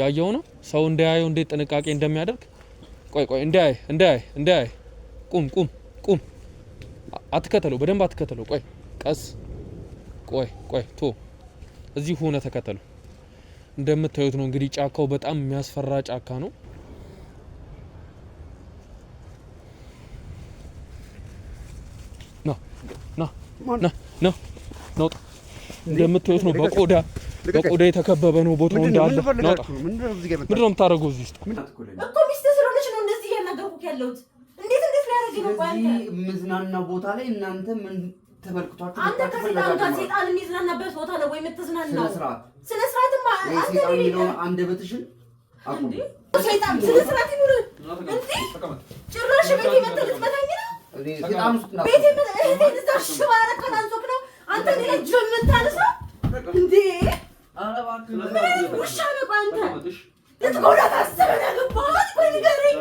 ያየው ነው ሰው እንዳያየው እንዴት ጥንቃቄ እንደሚያደርግ ቆይ ቆይ እንዳያይ እንዳያይ እንዳያይ ቁም ቁም ቁም አትከተለው በደንብ አትከተለው ቆይ ቀስ ቆይ ቆይ ቶ እዚህ ሆነ ተከተሉ እንደምታዩት ነው እንግዲህ ጫካው በጣም የሚያስፈራ ጫካ ነው ና ና ና ና እንደምታዩት ነው በቆዳ በቆዳ የተከበበ ነው ቦታው እንዳለ። ምንድን ነው የምታደርገው እዚህ ውስጥ እኮ ሚስት ስለሆነች ነው እንደዚህ እያናገርኩህ ያለሁት። እንዴት እንዴት ሊያደርግ ነው? ምዝናና ቦታ ላይ እናንተ ምን ተመልክቷችሁ? አንተ ከሴጣን ጋር ሴጣን የሚዝናናበት ቦታ ነው ወይ የምትዝናናው? ስነ ስርዓትማ አንደበትሽን አቁም። ሴጣን ስነ ስርዓት ይኑር እንዴ! ጭራሽ ቤት መተህ ልትመታኝ ነው? ቤት እህቴን እዛ ሽባ ረከን ነው አንተ ሌላ ጆ የምታነሳው እንዴ? ውሻ ነው አንተ ልትጎዳ ታስበህ ነው ቆይ ንገረኝ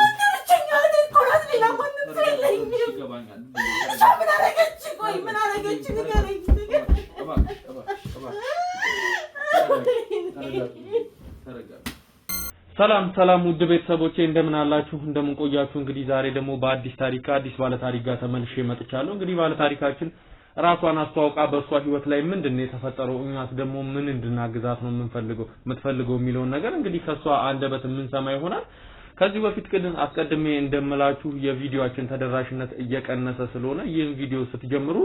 አንተ ብቸኛ ኮራት ሌላ ማንም ሰው የለኝም። እሷ ምን አደረገች? ቆይ ምን አደረገች? ንገረኝ። ሰላም ሰላም፣ ውድ ቤተሰቦቼ እንደምን አላችሁ? እንደምን ቆያችሁ? እንግዲህ ዛሬ ደግሞ በአዲስ ታሪክ አዲስ ባለ ታሪክ ጋር ተመልሼ መጥቻለሁ። እንግዲህ ባለ ታሪካችን ራሷን አስተዋውቃ በእሷ ህይወት ላይ ምንድን ነው የተፈጠረው፣ እኛስ ደግሞ ምን እንድናግዛት ነው የምንፈልገው የምትፈልገው የሚለውን ነገር እንግዲህ ከእሷ አንደበት የምንሰማ ይሆናል። ከዚህ በፊት ግን አስቀድሜ እንደምላችሁ የቪዲዮአችን ተደራሽነት እየቀነሰ ስለሆነ ይህን ቪዲዮ ስትጀምሩ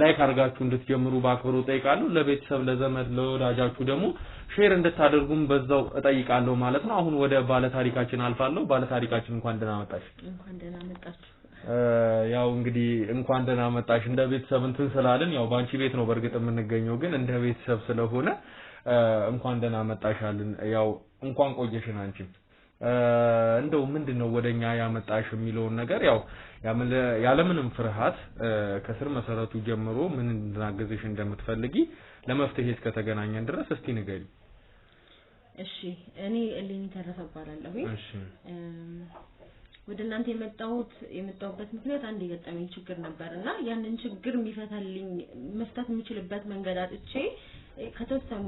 ላይክ አድርጋችሁ እንድትጀምሩ በአክብሮ ጠይቃለሁ። ለቤተሰብ፣ ለዘመድ፣ ለወዳጃችሁ ደግሞ ሼር እንድታደርጉም በዛው እጠይቃለሁ ማለት ነው። አሁን ወደ ባለታሪካችን አልፋለሁ። ባለታሪካችን እንኳን ደህና መጣሽ። እንኳን ደህና መጣችሁ። ያው እንግዲህ እንኳን ደህና መጣሽ እንደ ቤተሰብ እንትን ስላልን ያው ባንቺ ቤት ነው በእርግጥ የምንገኘው፣ ግን እንደ ቤተሰብ ስለሆነ እንኳን ደህና መጣሻልን። ያው እንኳን ቆየሽን አንቺም እንደው ምንድን ነው ወደኛ ያመጣሽ የሚለውን ነገር ያው ያለምንም ፍርሃት ከስር መሰረቱ ጀምሮ ምን እንድናገዝሽ እንደምትፈልጊ ለመፍትሄ እስከተገናኘን ድረስ እስቲ ንገሪ። እሺ፣ እኔ እሊን ተረፈ እባላለሁ። እሺ ወደ እናንተ የመጣሁት የመጣሁበት ምክንያት አንድ የገጠመኝ ችግር ነበር እና ያንን ችግር የሚፈታልኝ መፍታት የምችልበት መንገድ አጥቼ ከተወሰኑ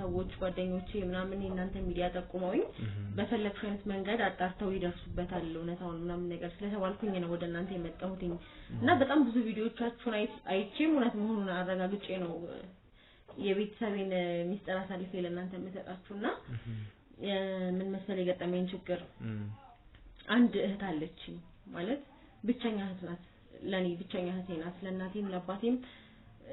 ሰዎች ጓደኞቼ ምናምን የእናንተ ሚዲያ ጠቁመውኝ በፈለግሽው አይነት መንገድ አጣርተው ይደርሱበታል እውነታውን ምናምን ነገር ስለተባልኩኝ ነው ወደ እናንተ የመጣሁትኝ እና በጣም ብዙ ቪዲዮቻችሁን አይቼም እውነት መሆኑን አረጋግጬ ነው የቤተሰቤን ሚስጥር አሳልፌ ለእናንተ የምሰጣችሁና ምን መሰል የገጠመኝ ችግር አንድ እህት አለችኝ ማለት ብቸኛ እህት ናት ለኔ ብቸኛ እህቴ ናት ለእናቴም ለአባቴም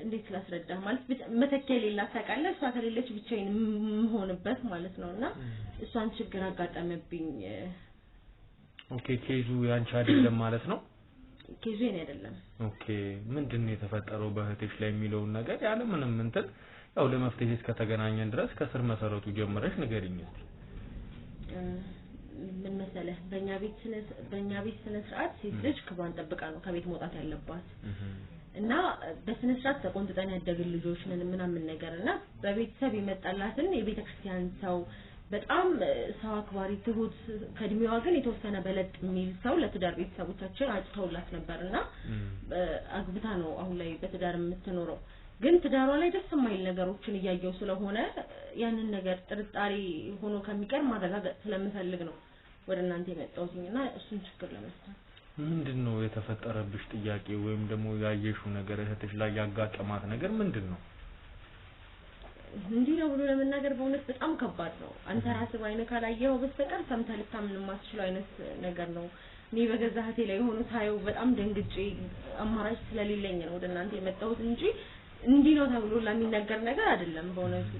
እንዴት ላስረዳ ማለት መተኪያ የሌላት ታቃለ እሷ ከሌለች ብቻዬን የምሆንበት ማለት ነው እና እሷን ችግር አጋጠመብኝ ኦኬ ኬዙ ያንቺ አይደለም ማለት ነው ኬዙ የኔ አይደለም ኦኬ ምንድነው የተፈጠረው በእህትሽ ላይ የሚለውን ነገር ያለ ምንም እንትን ያው ለመፍትሄ እስከተገናኘን ድረስ ከስር መሰረቱ ጀምረሽ ንገሪኝ እስቲ ምን መሰለህ በእኛ ቤት ስነ በእኛ ቤት ስነ ስርዓት ሴት ልጅ ክብሯን ጠብቃ ነው ከቤት መውጣት ያለባት እና በስነ ስርዓት ተቆንጥጠን ያደግን ልጆች ምን ምናምን ነገር እና በቤተሰብ የመጣላትን የቤተ ክርስቲያን ሰው በጣም ሰው አክባሪ ትሁት፣ ከእድሜዋ ግን የተወሰነ በለጥ የሚል ሰው ለትዳር ቤተሰቦቻችን አጭተውላት ነበር እና አግብታ ነው አሁን ላይ በትዳር የምትኖረው። ግን ትዳሯ ላይ ደስ የማይል ነገሮችን እያየው ስለሆነ ያንን ነገር ጥርጣሬ ሆኖ ከሚቀር ማረጋገጥ ስለምፈልግ ነው። ወደ እናንተ የመጣሁትኝ እና እሱን ችግር ለመፍታት ምንድን ነው የተፈጠረብሽ ጥያቄ ወይም ደግሞ ያየሽው ነገር እህትሽ ላይ ያጋጠማት ነገር ምንድን ነው? እንዲህ ነው ብሎ ለመናገር በእውነት በጣም ከባድ ነው። አንተ ራስህ በዓይንህ ካላየኸው በስተቀር ሰምተህ ልታምን የማትችለው አይነት ነገር ነው። እኔ በገዛ እህቴ ላይ የሆኑ ሳየው በጣም ደንግጬ አማራጭ ስለሌለኝ ነው ወደ እናንተ የመጣሁት እንጂ እንዲህ ነው ተብሎ ለሚነገር ነገር አይደለም። በእውነቱ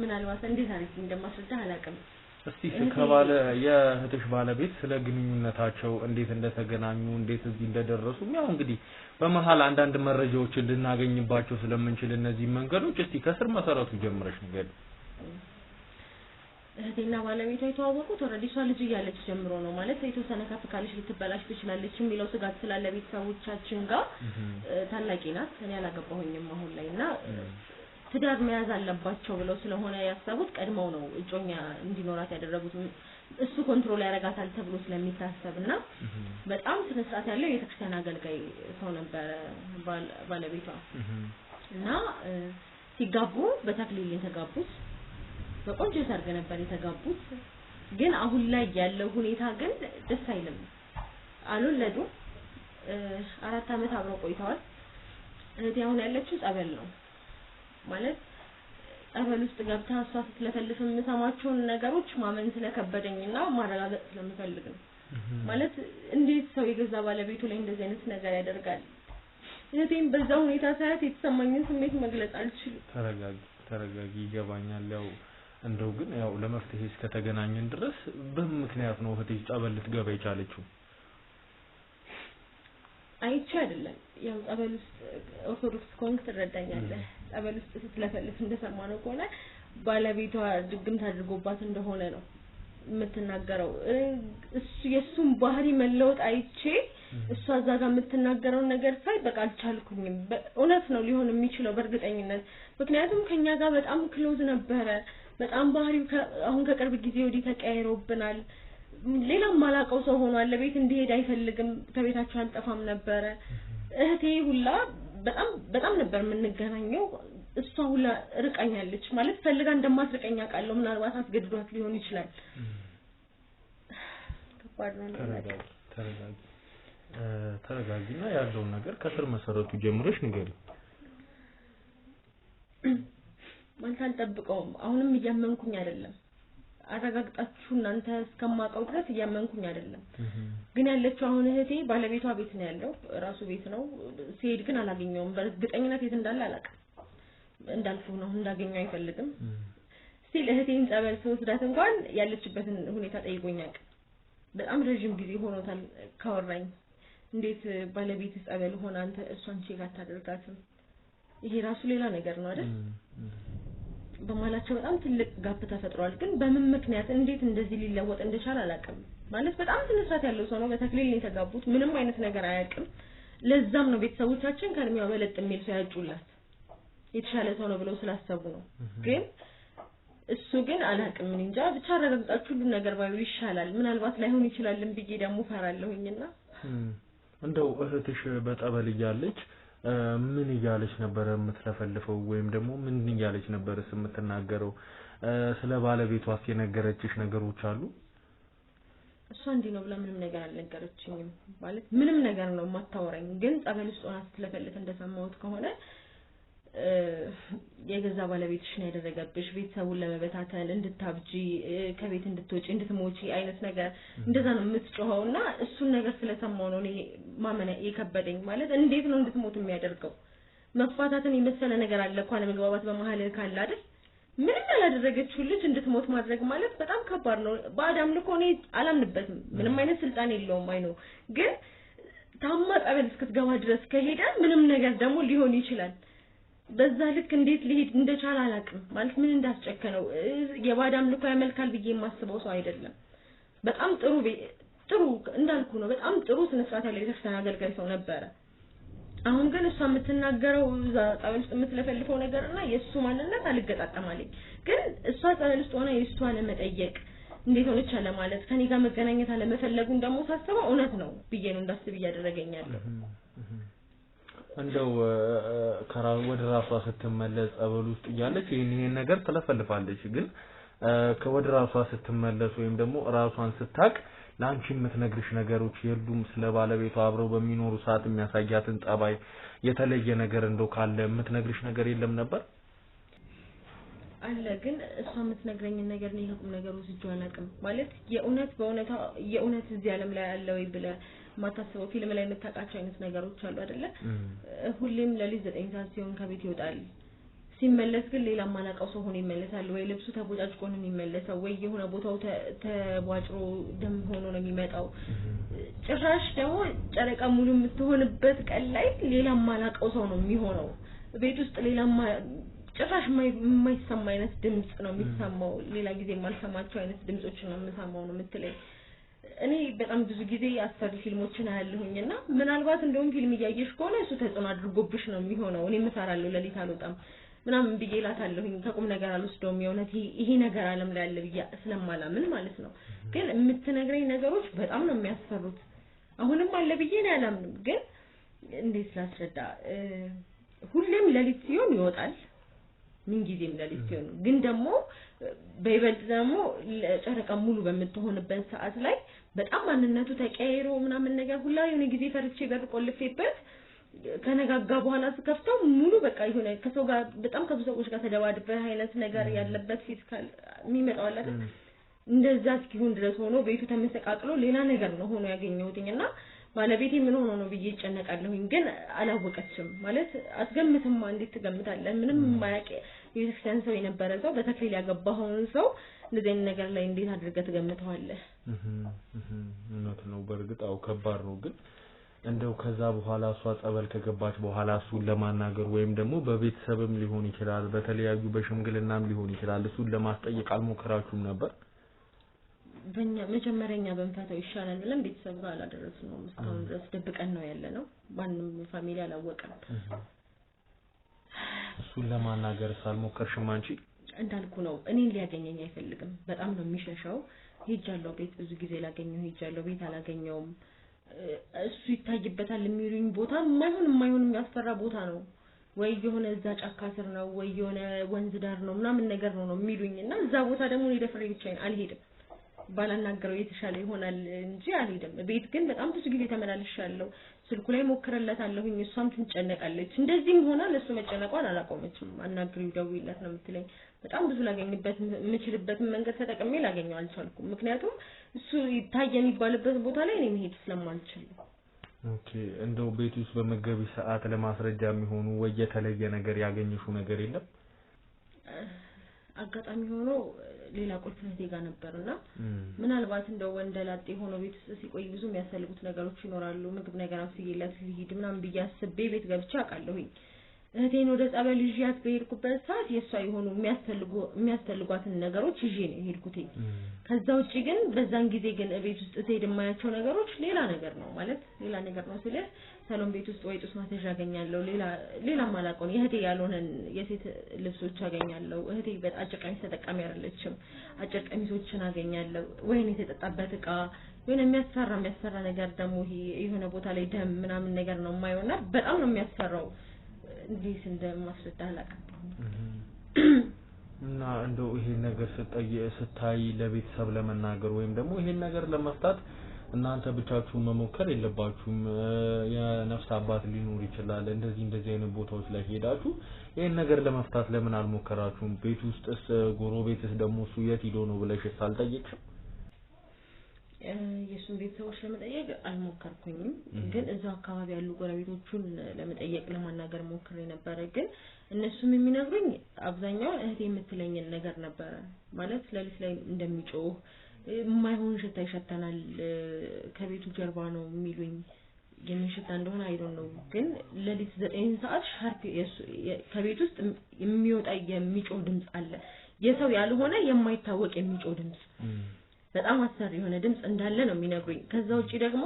ምናልባት እንዴት አድርጌ እንደማስረዳህ አላውቅም። እስቲ ከባለ የእህትሽ ባለቤት ስለ ግንኙነታቸው እንዴት እንደተገናኙ እንዴት እዚህ እንደደረሱ ያው እንግዲህ በመሀል አንዳንድ መረጃዎችን ልናገኝባቸው ስለምንችል እነዚህ መንገዶች እስቲ ከስር መሰረቱ ጀምረሽ ንገሪ። እህቴና ባለቤቷ የተዋወቁት ኦልሬዲ እሷ ልጅ እያለች ጀምሮ ነው ማለት የተወሰነ ከፍ ካለች ልትበላሽ ትችላለች የሚለው ስጋት ስላለ ቤተሰቦቻችን ጋር ታላቂ ናት። እኔ አላገባሁኝም አሁን ላይ እና ትዳር መያዝ አለባቸው ብለው ስለሆነ ያሰቡት ቀድመው ነው እጮኛ እንዲኖራት ያደረጉት። እሱ ኮንትሮል ያደርጋታል ተብሎ ስለሚታሰብ እና በጣም ስነ ስርዓት ያለው የቤተክርስቲያን አገልጋይ ሰው ነበረ ባለቤቷ እና ሲጋቡ በተክሊል የተጋቡት በቆንጆ ሰርግ ነበር የተጋቡት። ግን አሁን ላይ ያለው ሁኔታ ግን ደስ አይልም። አልወለዱም። አራት አመት አብረው ቆይተዋል። እህቴ አሁን ያለችው ጸበል ነው። ማለት ጸበል ውስጥ ገብታ እሷ ስትለፈልፍ የምሰማቸውን ነገሮች ማመን ስለከበደኝና ማረጋገጥ ስለምፈልግ ነው። ማለት እንዴት ሰው የገዛ ባለቤቱ ላይ እንደዚህ አይነት ነገር ያደርጋል? እህቴም በዛ ሁኔታ ሳያት የተሰማኝን ስሜት መግለጽ አልችልም። ተረጋጊ ተረጋጊ፣ ይገባኛል። ያው እንደው ግን ያው ለመፍትሄ እስከተገናኘን ድረስ በምን ምክንያት ነው እህቴ ጸበል ልትገባ የቻለችው? አይቼ አይደለም። ያው ጸበል ውስጥ ኦርቶዶክስ ከሆንክ ትረዳኛለህ። ጸበል ውስጥ ስትለፈልፍ ነው ከሆነ ባለቤቷ ድግምት አድርጎባት እንደሆነ ነው የምትናገረው። እሱ የእሱን ባህሪ መለወጥ አይቼ እሷ እዛ ጋር የምትናገረውን ነገር ሳይ በቃ አልቻልኩኝም። እውነት ነው ሊሆን የሚችለው በእርግጠኝነት ምክንያቱም ከኛ ጋር በጣም ክሎዝ ነበረ። በጣም ባህሪው አሁን ከቅርብ ጊዜ ወዲህ ተቀያይሮብናል። ሌላም ማላቀው ሰው ሆኗል። ለቤት እንዲሄድ አይፈልግም። ከቤታቸው አልጠፋም ነበረ እህቴ ሁላ በጣም በጣም ነበር የምንገናኘው። እሷ ሁላ ርቀኛለች ማለት ፈልጋ እንደማትርቀኝ አውቃለሁ። ምናልባት አስገድዷት ሊሆን ይችላል። ያለው ተረጋጊ ያለውን ነገር ከስር መሰረቱ ጀምረሽ ንገሪ። ማለት አልጠብቀውም። አሁንም እያመንኩኝ አይደለም አረጋግጣችሁ እናንተ እስከማውቀው ድረስ እያመንኩኝ አይደለም። ግን ያለችው አሁን እህቴ ባለቤቷ ቤት ነው ያለው፣ ራሱ ቤት ነው። ሲሄድ ግን አላገኘውም። በእርግጠኝነት የት እንዳለ አላውቅም። እንዳልፉ ነው እንዳገኘው አይፈልግም። ስቲል እህቴን ጸበል ስወስዳት እንኳን ያለችበትን ሁኔታ ጠይቆኛል። በጣም ረዥም ጊዜ ሆኖታል ካወራኝ። እንዴት ባለቤት ጸበል ሆነ አንተ እሷን ቼክ አታደርጋትም? ይሄ ራሱ ሌላ ነገር ነው አይደል? በማላቸው በጣም ትልቅ ጋፕ ተፈጥሯል። ግን በምን ምክንያት እንዴት እንደዚህ ሊለወጥ እንደቻለ አላውቅም። ማለት በጣም ስነ ስርዓት ያለው ሰው ነው። በተክሊል ነው የተጋቡት። ምንም አይነት ነገር አያውቅም። ለዛም ነው ቤተሰቦቻችን ከእድሜዋ በለጥ የሚል ሰው ያጩላት የተሻለ ሰው ነው ብለው ስላሰቡ ነው። ግን እሱ ግን አላውቅም እንጃ ብቻ አረጋግጣችሁ ሁሉ ነገር ባዩ ይሻላል። ምናልባት ላይሆን ይችላልም ብዬ ደግሞ ፈራለሁኝና እንደው እህትሽ በጠበል እያለች ምን እያለች ነበረ የምትለፈልፈው ወይም ደግሞ ምን እያለች ነበር የምትናገረው? ስለ ባለቤቷስ የነገረችሽ ነገሮች አሉ? እሷ እንዲህ ነው ብላ ምንም ነገር አልነገረችኝም። ማለት ምንም ነገር ነው የማታወራኝ። ግን ጸበል ውስጥ ሆና ስትለፈልፍ እንደሰማሁት ከሆነ የገዛ ባለቤትሽ ነው ያደረገብሽ፣ ቤተሰቡን ለመበታተን እንድታብጂ፣ ከቤት እንድትወጪ፣ እንድትሞጪ አይነት ነገር እንደዛ ነው የምትጮኸው። እና እሱን ነገር ስለሰማው ነው እኔ ማመን የከበደኝ። ማለት እንዴት ነው እንድትሞት የሚያደርገው? መፋታትን የመሰለ ነገር አለ እኮ አለመግባባት በመሀል ካለ አይደል? ምንም ያላደረገችው ልጅ እንድትሞት ማድረግ ማለት በጣም ከባድ ነው። በአዳም ልኮ እኔ አላምንበትም። ምንም አይነት ስልጣን የለውም። አይ ነው ግን ታማ እስክትገባ ድረስ ከሄደ ምንም ነገር ደግሞ ሊሆን ይችላል። በዛ ልክ እንዴት ሊሄድ እንደቻለ አላውቅም። ማለት ምን እንዳስጨከነው የባዳ አምልኮ ያመልካል ብዬ የማስበው ሰው አይደለም። በጣም ጥሩ ጥሩ እንዳልኩ ነው። በጣም ጥሩ ስነ ስርዓት ያለው የቤተክርስቲያን አገልጋይ ሰው ነበረ። አሁን ግን እሷ የምትናገረው እዛ ጸበል ውስጥ የምትለፈልፈው ነገር እና የእሱ ማንነት አልገጣጠም ግን እሷ ጸበል ውስጥ ሆነ የእሱ አለመጠየቅ እንዴት ሆነች አለ ማለት ከኔ ጋር መገናኘት አለመፈለጉን ደግሞ ሳስበው እውነት ነው ብዬ ነው እንዳስብ እያደረገኛለሁ። እንደው ወደ ራሷ ስትመለስ ጸበል ውስጥ እያለች ይህን ይህን ነገር ትለፈልፋለች። ግን ከወደ ራሷ ስትመለስ ወይም ደግሞ ራሷን ስታቅ ለአንቺ የምትነግርሽ ነገሮች የሉም። ስለ ባለቤቷ አብረው በሚኖሩ ሰዓት የሚያሳያትን ጠባይ፣ የተለየ ነገር እንደው ካለ የምትነግርሽ ነገር የለም ነበር አለ ግን እሷ የምትነግረኝን ነገር ነው የቁም ነገር ውስጥ አላውቅም። ማለት የእውነት በእውነታ የእውነት እዚህ ዓለም ላይ አለ ወይ ብለህ ማታስበው ፊልም ላይ የምታውቃቸው አይነት ነገሮች አሉ አይደለ? ሁሌም ለሊት ዘጠኝ ሰዓት ሲሆን ከቤት ይወጣል። ሲመለስ ግን ሌላ ማላውቀው ሰው ሆኖ ይመለሳል። ወይ ልብሱ ተቦጫጭቆ ነው የሚመለሰው፣ ወይ የሆነ ቦታው ተቧጭሮ ደም ሆኖ ነው የሚመጣው። ጭራሽ ደግሞ ጨረቃ ሙሉ የምትሆንበት ቀን ላይ ሌላ ማላውቀው ሰው ነው የሚሆነው። ቤት ውስጥ ሌላ ጭራሽ የማይሰማ አይነት ድምጽ ነው የሚሰማው። ሌላ ጊዜ የማልሰማቸው አይነት ድምጾችን ነው የምሰማው ነው የምትለኝ እኔ በጣም ብዙ ጊዜ አስፈሪ ፊልሞችን አያለሁኝ እና ምናልባት እንደውም ፊልም እያየሽ ከሆነ እሱ ተጽዕኖ አድርጎብሽ ነው የሚሆነው። እኔ እፈራለሁ፣ ለሊት አልወጣም ምናምን ብዬ እላታለሁኝ። ከቁም ነገር አልወስደውም የእውነት ይሄ ነገር ዓለም ላይ አለ ብዬ ስለማላምን ማለት ነው። ግን የምትነግረኝ ነገሮች በጣም ነው የሚያስፈሩት። አሁንም አለ ብዬ እኔ አላምንም። ግን እንዴት ስላስረዳ ሁሌም ለሊት ሲሆን ይወጣል ምንጊዜም ለሊት ሲሆን ግን ደግሞ በይበልጥ ደግሞ ጨረቃ ሙሉ በምትሆንበት ሰዓት ላይ በጣም ማንነቱ ተቀያይሮ ምናምን ነገር ሁላ የሆነ ጊዜ ፈርቼ በር ቆልፌበት ከነጋጋ በኋላ ስከፍተው ሙሉ በቃ የሆነ ከሰው ጋር በጣም ከብዙ ሰዎች ጋር ተደባድበህ አይነት ነገር ያለበት ፊዚካል የሚመጣው አለ አይደል? እንደዛ እስኪሆን ድረስ ሆኖ ቤቱ ተመሰቃቅሎ ሌላ ነገር ነው ሆኖ ያገኘሁትኝ እና ባለቤቴ ምን ሆኖ ነው ብዬ ይጨነቃለሁኝ። ግን አላወቀችም ማለት አትገምትማ። እንዴት ትገምታለህ? ምንም የማያውቅ የቤተክርስቲያን ሰው የነበረ ሰው በተክሊል ያገባኸውን ሰው እንደዚህ አይነት ነገር ላይ እንዴት አድርገህ ትገምተዋለህ? እውነት ነው። በእርግጥ አው ከባድ ነው ግን እንደው ከዛ በኋላ እሷ ጸበል ከገባች በኋላ እሱን ለማናገር ወይም ደግሞ በቤተሰብም ሊሆን ይችላል፣ በተለያዩ በሽምግልናም ሊሆን ይችላል። እሱን ለማስጠየቅ አልሞከራችሁም ነበር? በእኛ መጀመሪያ እኛ በንፈተው ይሻላል ብለን ቤተሰብ ጋር አላደረስነውም። እስካሁን ድረስ ደብቀን ነው ያለ ነው። ማንም ፋሚሊ አላወቀም። እሱን ለማናገር ሳልሞከርሽም አንቺ? እንዳልኩ ነው እኔን ሊያገኘኝ አይፈልግም በጣም ነው የሚሸሸው ሄጃለሁ ቤት ብዙ ጊዜ ላገኘው ሄጃለሁ ቤት አላገኘውም እሱ ይታይበታል የሚሉኝ ቦታ የማይሆን የማይሆን የሚያስፈራ ቦታ ነው ወይ የሆነ እዛ ጫካ ስር ነው ወይ የሆነ ወንዝ ዳር ነው ምናምን ነገር ነው ነው የሚሉኝ እና እዛ ቦታ ደግሞ እኔ ደፍሬ ብቻዬን አልሄድም ባላናገረው የተሻለ ይሆናል እንጂ አልሄድም ቤት ግን በጣም ብዙ ጊዜ ተመላልሻለሁ ስልኩ ላይ ሞክረላታለሁኝ እሷም ትንጨነቃለች እንደዚህም ሆና ለእሱ መጨነቋን አላቆመችም አናግሪው ደውዪላት ነው የምትለኝ በጣም ብዙ ላገኝበት የምችልበትን መንገድ ተጠቅሜ ላገኘው አልቻልኩም። ምክንያቱም እሱ ይታይ የሚባልበት ቦታ ላይ እኔ መሄድ ስለማልችል ኦኬ። እንደው ቤት ውስጥ በመገቢ ሰዓት ለማስረጃ የሚሆኑ ወይ የተለየ ነገር ያገኘሽው ነገር የለም? አጋጣሚ ሆኖ ሌላ ቁልፍ እህቴ ጋር ነበርና ምናልባት እንደው ወንደላጤ ሆኖ ቤት ውስጥ ሲቆይ ብዙ የሚያስፈልጉት ነገሮች ይኖራሉ። ምግብ ነገር አብስዬለት ልሂድ ምናምን ብዬ አስቤ ቤት ገብቼ አውቃለሁኝ። እህቴን ወደ ጸበል ይዣት በሄድኩበት ሰዓት የእሷ የሆኑ የሚያስፈልጓትን ነገሮች ይዤ ነው የሄድኩት። ከዛ ውጭ ግን በዛን ጊዜ ግን ቤት ውስጥ ስሄድ የማያቸው ነገሮች ሌላ ነገር ነው ማለት ሌላ ነገር ነው ስለ ሰሎን ቤት ውስጥ ወይ ጡስ ማስያዣ አገኛለሁ፣ ሌላ ሌላ ማላውቀውን እህቴ ያልሆነን የሴት ልብሶች አገኛለሁ። እህቴ አጭር ቀሚስ ተጠቃሚ አይደለችም። አጭር ቀሚሶችን አገኛለሁ። ወይን የተጠጣበት እቃ የሆነ የሚያስፈራ የሚያስፈራ ነገር ደግሞ ይሄ የሆነ ቦታ ላይ ደም ምናምን ነገር ነው የማየውና በጣም ነው የሚያስፈራው። እንዴት እንደማስረዳ አላቀባሁም። እና እንደው ይሄን ነገር ስታይ ለቤተሰብ ለመናገር ወይም ደግሞ ይሄን ነገር ለመፍታት እናንተ ብቻችሁን መሞከር የለባችሁም። የነፍስ አባት ሊኖር ይችላል። እንደዚህ እንደዚህ አይነት ቦታዎች ላይ ሄዳችሁ ይህን ነገር ለመፍታት ለምን አልሞከራችሁም? ቤት ውስጥስ፣ ጎረቤትስ ደግሞ እሱ የት ሂዶ ነው ብለሽ አልጠየቅሽም? የእሱን ቤተሰቦች ለመጠየቅ አልሞከርኩኝም፣ ግን እዛ አካባቢ ያሉ ጎረቤቶቹን ለመጠየቅ ለማናገር ሞክሬ ነበረ። ግን እነሱም የሚነግሩኝ አብዛኛውን እህቴ የምትለኝን ነገር ነበረ። ማለት ሌሊት ላይ እንደሚጮህ የማይሆን ሽታ ይሸተናል፣ ከቤቱ ጀርባ ነው የሚሉኝ። የምን ሽታ እንደሆነ አይዶን ነው። ግን ሌሊት ዘጠኝ ሰዓት ሻርፕ ከቤት ውስጥ የሚወጣ የሚጮህ ድምፅ አለ። የሰው ያልሆነ የማይታወቅ የሚጮህ ድምፅ በጣም አሰሪ የሆነ ድምፅ እንዳለ ነው የሚነግሩኝ። ከዛ ውጪ ደግሞ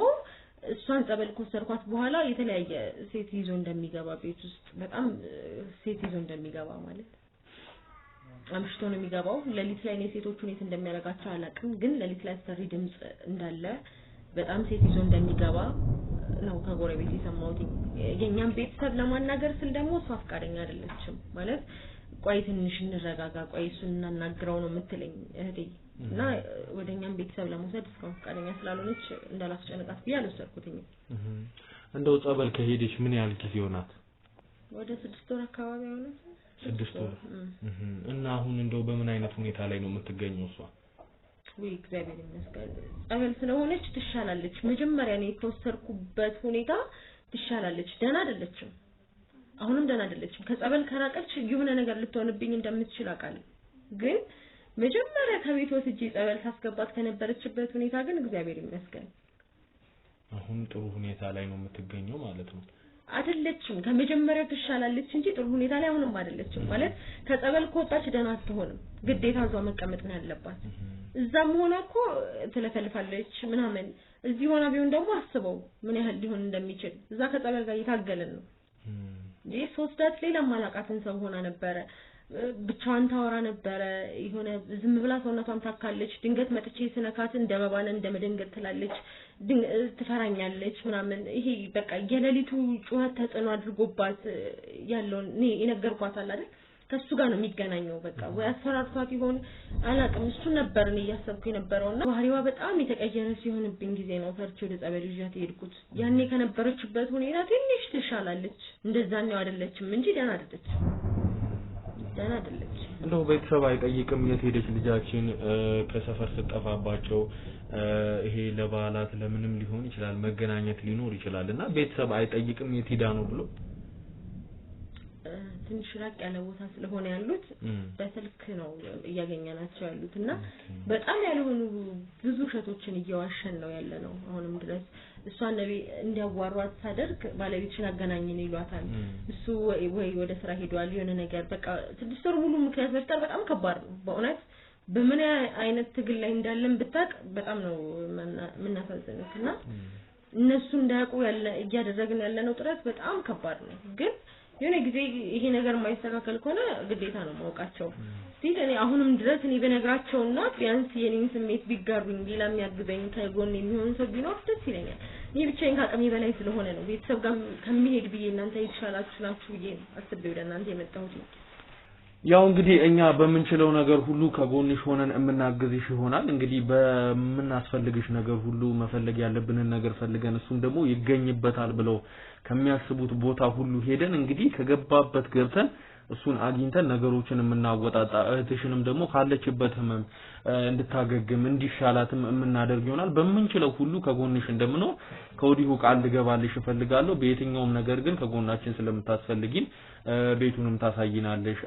እሷን ጸበል ከወሰድኳት በኋላ የተለያየ ሴት ይዞ እንደሚገባ ቤት ውስጥ በጣም ሴት ይዞ እንደሚገባ ማለት አምሽቶ ነው የሚገባው። ሌሊት ላይ እኔ ሴቶቹ ሁኔት እንደሚያደርጋቸው አላውቅም፣ ግን ሌሊት ላይ አሰሪ ድምፅ እንዳለ በጣም ሴት ይዞ እንደሚገባ ነው ከጎረቤት የሰማሁት። የኛም ቤተሰብ ለማናገር ስል ደግሞ እሷ ፈቃደኛ አይደለችም ማለት ቆይ ትንሽ እንረጋጋ፣ ቆይ እሱን እናናግረው ነው የምትለኝ እህቴ እና ወደ እኛም ቤተሰብ ለመውሰድ እስካሁን ፈቃደኛ ስላልሆነች እንዳላስጨነቃት ብዬ አልወሰድኩትኝ እንደው ጸበል ከሄደች ምን ያህል ጊዜ ሆናት? ወደ ስድስት ወር አካባቢ ሆነ። ስድስት ወር እና አሁን እንደው በምን አይነት ሁኔታ ላይ ነው የምትገኘው እሷ? ወይ እግዚአብሔር ይመስገን ጸበል ስለሆነች ትሻላለች። መጀመሪያ ነው የተወሰድኩበት ሁኔታ ትሻላለች። ደህና አይደለችም፣ አሁንም ደህና አይደለችም። ከጸበል ከራቀች የሆነ ነገር ልትሆንብኝ እንደምትችል አውቃለሁ ግን መጀመሪያ ከቤት ወስጄ ጸበል ሳስገባት ከነበረችበት ሁኔታ ግን እግዚአብሔር ይመስገን አሁን ጥሩ ሁኔታ ላይ ነው የምትገኘው ማለት ነው። አይደለችም። ከመጀመሪያው ትሻላለች እንጂ ጥሩ ሁኔታ ላይ አሁንም አይደለችም። ማለት ከጸበል ከወጣች ደህና አትሆንም። ግዴታ እዛው መቀመጥ ነው ያለባት። እዛም ሆና እኮ ትለፈልፋለች ምናምን፣ እዚህ ሆና ቢሆን ደግሞ አስበው ምን ያህል ሊሆን እንደሚችል እዛ ከጸበል ጋር እየታገለን ነው። ይህ ሶስት ሌላ ማላቃትን ሰው ሆና ነበረ ብቻዋን ታወራ ነበረ። የሆነ ዝም ብላ ሰውነቷን ታካለች። ድንገት መጥቼ ስነካት እንደመባነን እንደመደንገር ትላለች፣ ትፈራኛለች ምናምን። ይሄ በቃ የሌሊቱ ጩኸት ተጽዕኖ አድርጎባት ያለውን እኔ የነገርኳት አለ አይደል ከሱ ጋር ነው የሚገናኘው። በቃ ወይ አስፈራርቷት ይሆን አላውቅም። እሱ ነበር እኔ እያሰብኩ የነበረውና ባህሪዋ በጣም የተቀየረ ሲሆንብኝ ጊዜ ነው ፈርቼ ወደ ጸበል ይዣት የሄድኩት። ያኔ ከነበረችበት ሁኔታ ትንሽ ትሻላለች። እንደዛኛው አይደለችም እንጂ ደህና አይደለችም። ደህና አይደለች። እንደው ቤተሰብ አይጠይቅም የት ሄደች ልጃችን ከሰፈር ስጠፋባቸው ይሄ ለበዓላት ለምንም ሊሆን ይችላል መገናኘት ሊኖር ይችላል እና ቤተሰብ አይጠይቅም የት ሄዳ ነው ብሎ ትንሽ ራቅ ያለ ቦታ ስለሆነ ያሉት በስልክ ነው እያገኘናቸው ያሉት እና በጣም ያልሆኑ ብዙ እሸቶችን እየዋሸን ነው ያለ ነው አሁንም ድረስ እሷን እንዲያዋሯት ሳደርግ ባለቤትሽን አገናኝን ይሏታል። እሱ ወይ ወደ ስራ ሄዷል የሆነ ነገር በቃ ስድስት ወር ሙሉ ምክንያት መፍጠር በጣም ከባድ ነው በእውነት በምን አይነት ትግል ላይ እንዳለን ብታቅ በጣም ነው የምናሳዝንት እና እነሱ እንዳያውቁ ያለ እያደረግን ያለነው ጥረት በጣም ከባድ ነው ግን የሆነ ጊዜ ይሄ ነገር የማይስተካከል ከሆነ ግዴታ ነው ማውቃቸው ሲል እኔ አሁንም ድረስ እኔ በነግራቸውና ቢያንስ የኔን ስሜት ቢጋሩኝ ሌላ የሚያግዘኝ ከጎን የሚሆን ሰው ቢኖር ደስ ይለኛል። እኔ ብቻዬን ከአቅሜ በላይ ስለሆነ ነው ቤተሰብ ጋር ከሚሄድ ብዬ እናንተ የተሻላችሁ ናችሁ ብዬ አስቤ ወደ እናንተ የመጣሁት ያው እንግዲህ እኛ በምንችለው ነገር ሁሉ ከጎንሽ ሆነን የምናግዝሽ ይሆናል። እንግዲህ በምናስፈልግሽ ነገር ሁሉ መፈለግ ያለብንን ነገር ፈልገን እሱም ደግሞ ይገኝበታል ብለው ከሚያስቡት ቦታ ሁሉ ሄደን እንግዲህ ከገባበት ገብተን እሱን አግኝተን ነገሮችን የምናወጣጣ እህትሽንም ደግሞ ካለችበት ህመም እንድታገግም እንዲሻላትም የምናደርግ ይሆናል። በምንችለው ሁሉ ከጎንሽ እንደምንሆን ከወዲሁ ቃል ልገባልሽ እፈልጋለሁ። በየትኛውም ነገር ግን ከጎናችን ስለምታስፈልጊን ቤቱንም ታሳይናለሽ፣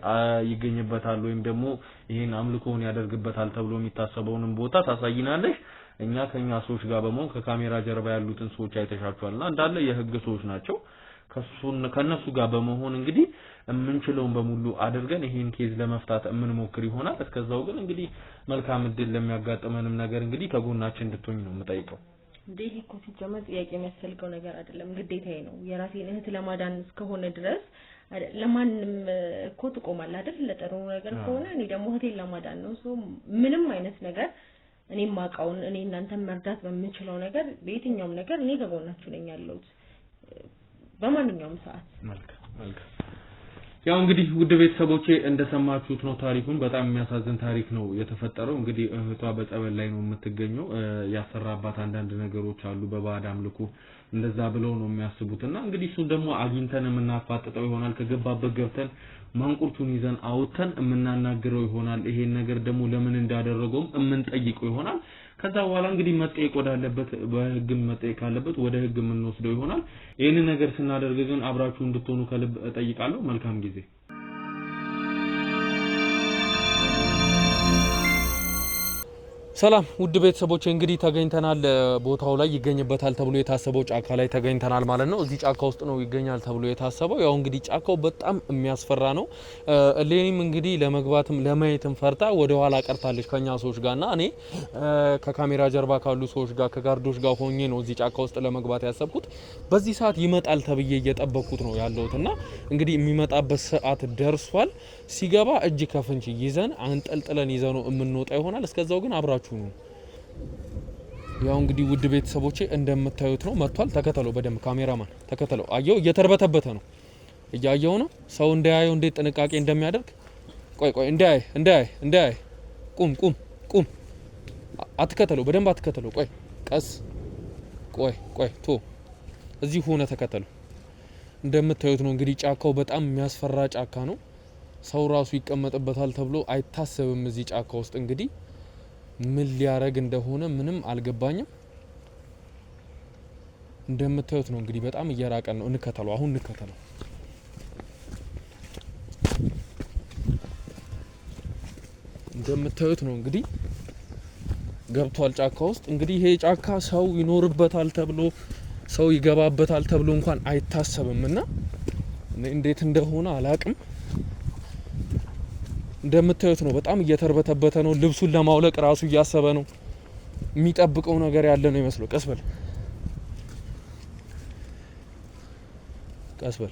ይገኝበታል ወይም ደግሞ ይሄን አምልኮውን ያደርግበታል ተብሎ የሚታሰበውንም ቦታ ታሳይናለሽ። እኛ ከኛ ሰዎች ጋር በመሆን ከካሜራ ጀርባ ያሉትን ሰዎች አይተሻቸዋልና እንዳለ የህግ ሰዎች ናቸው። ከሱን ከነሱ ጋር በመሆን እንግዲህ የምንችለውን በሙሉ አድርገን ይሄን ኬዝ ለመፍታት የምንሞክር ይሆናል። እስከዛው ግን እንግዲህ መልካም እድል ለሚያጋጥመንም ነገር እንግዲህ ከጎናችን እንድትሆኝ ነው የምጠይቀው። እንዴት እኮ ሲጀመር ጥያቄ የሚያስፈልገው ነገር አይደለም፣ ግዴታዬ ነው። የራሴን እህት ለማዳን እስከሆነ ድረስ ለማንም እኮ ትቆማል አይደል? ለጥሩ ነገር ከሆነ እኔ ደግሞ እህቴን ለማዳን ነው። ሶ ምንም አይነት ነገር እኔ ማውቀውን እኔ እናንተን መርዳት በምንችለው ነገር በየትኛውም ነገር እኔ ከጎናችሁ ነኝ ያለሁት። በማንኛውም ሰዓት። ያው እንግዲህ ውድ ቤተሰቦቼ እንደሰማችሁት ነው ታሪኩን። በጣም የሚያሳዝን ታሪክ ነው የተፈጠረው። እንግዲህ እህቷ በጸበል ላይ ነው የምትገኘው። ያሰራባት አንዳንድ ነገሮች አሉ በባዕድ አምልኮ እንደዛ ብለው ነው የሚያስቡት እና እንግዲህ እሱን ደግሞ አግኝተን የምናፋጥጠው ይሆናል። ከገባበት ገብተን ማንቁርቱን ይዘን አውተን የምናናግረው ይሆናል። ይሄን ነገር ደግሞ ለምን እንዳደረገውም የምንጠይቀው ይሆናል። ከዛ በኋላ እንግዲህ መጠየቅ ወዳለበት በህግ መጠየቅ ካለበት ወደ ህግ የምንወስደው ይሆናል። ይህንን ነገር ስናደርግ ግን አብራችሁ እንድትሆኑ ከልብ እጠይቃለሁ። መልካም ጊዜ ሰላም ውድ ቤተሰቦች እንግዲህ ተገኝተናል። ቦታው ላይ ይገኝበታል ተብሎ የታሰበው ጫካ ላይ ተገኝተናል ማለት ነው። እዚህ ጫካ ውስጥ ነው ይገኛል ተብሎ የታሰበው። ያው እንግዲህ ጫካው በጣም የሚያስፈራ ነው። እሌኒም እንግዲህ ለመግባትም ለማየትም ፈርታ ወደ ኋላ ቀርታለች ከኛ ሰዎች ጋር ና እኔ ከካሜራ ጀርባ ካሉ ሰዎች ጋር ከጋርዶች ጋር ሆኜ ነው እዚህ ጫካ ውስጥ ለመግባት ያሰብኩት። በዚህ ሰዓት ይመጣል ተብዬ እየጠበቅኩት ነው ያለሁት እና እንግዲህ የሚመጣበት ሰዓት ደርሷል። ሲገባ እጅ ከፍንጅ ይዘን አንጠልጥለን ይዘ ነው የምንወጣ ይሆናል። እስከዛው ግን አብራችሁ ነው። ያው እንግዲህ ውድ ቤተሰቦቼ እንደምታዩት ነው መጥቷል። ተከተለው በደንብ ካሜራማን ተከተለው። አየው እየተርበተበተ ነው፣ እያየው ነው። ሰው እንዳያየው እንዴት ጥንቃቄ እንደሚያደርግ ቆይ ቆይ፣ እንዳያይ እንዳያይ እንዳያይ። ቁም ቁም ቁም። አትከተለው፣ በደንብ አትከተለው። ቆይ ቀስ ቆይ ቆይ፣ ቶ እዚህ ሆነ ተከተለው። እንደምታዩት ነው እንግዲህ ጫካው በጣም የሚያስፈራ ጫካ ነው። ሰው ራሱ ይቀመጥበታል ተብሎ አይታሰብም። እዚህ ጫካ ውስጥ እንግዲህ ምን ሊያረግ እንደሆነ ምንም አልገባኝም። እንደምታዩት ነው እንግዲህ በጣም እየራቀን ነው። እንከተለው፣ አሁን እንከተለው። እንደምታዩት ነው እንግዲህ ገብቷል ጫካ ውስጥ። እንግዲህ ይሄ ጫካ ሰው ይኖርበታል ተብሎ ሰው ይገባበታል ተብሎ እንኳን አይታሰብም እና እንዴት እንደሆነ አላቅም። እንደምታዩት ነው። በጣም እየተርበተበተ ነው። ልብሱን ለማውለቅ ራሱ እያሰበ ነው። የሚጠብቀው ነገር ያለ ነው ይመስለው። ቀስ በል ቀስ በል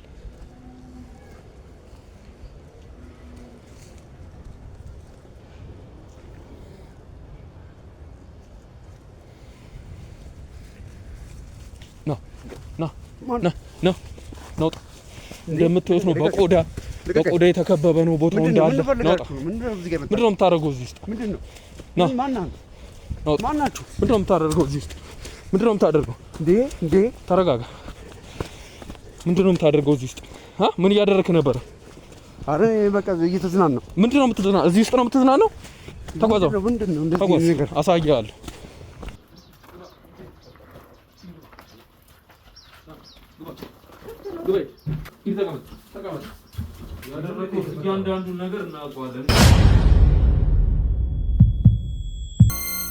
ነው ነው ነው ነው እንደምታዩት ነው በቆዳ በቆዳ የተከበበ ነው ቦታው እንዳለ። ምንድን ነው የምታደርገው እዚህ ውስጥ? ምንድን ነው የምታደርገው እዚህ ውስጥ? ምንድን ነው የምታደርገው? ተረጋጋ። ምንድን ነው የምታደርገው እዚህ ውስጥ? ምን እያደረግህ ነበረ? አረ በቃ እየተዝናናሁ። ምንድን ነው የምትዝናናው? እዚህ ውስጥ ነው የምትዝናናው? ተጓዛ፣ ተጓዝ፣ አሳያለሁ ግባ ያደረገው እያንዳንዱን ነገር እናውቀዋለን።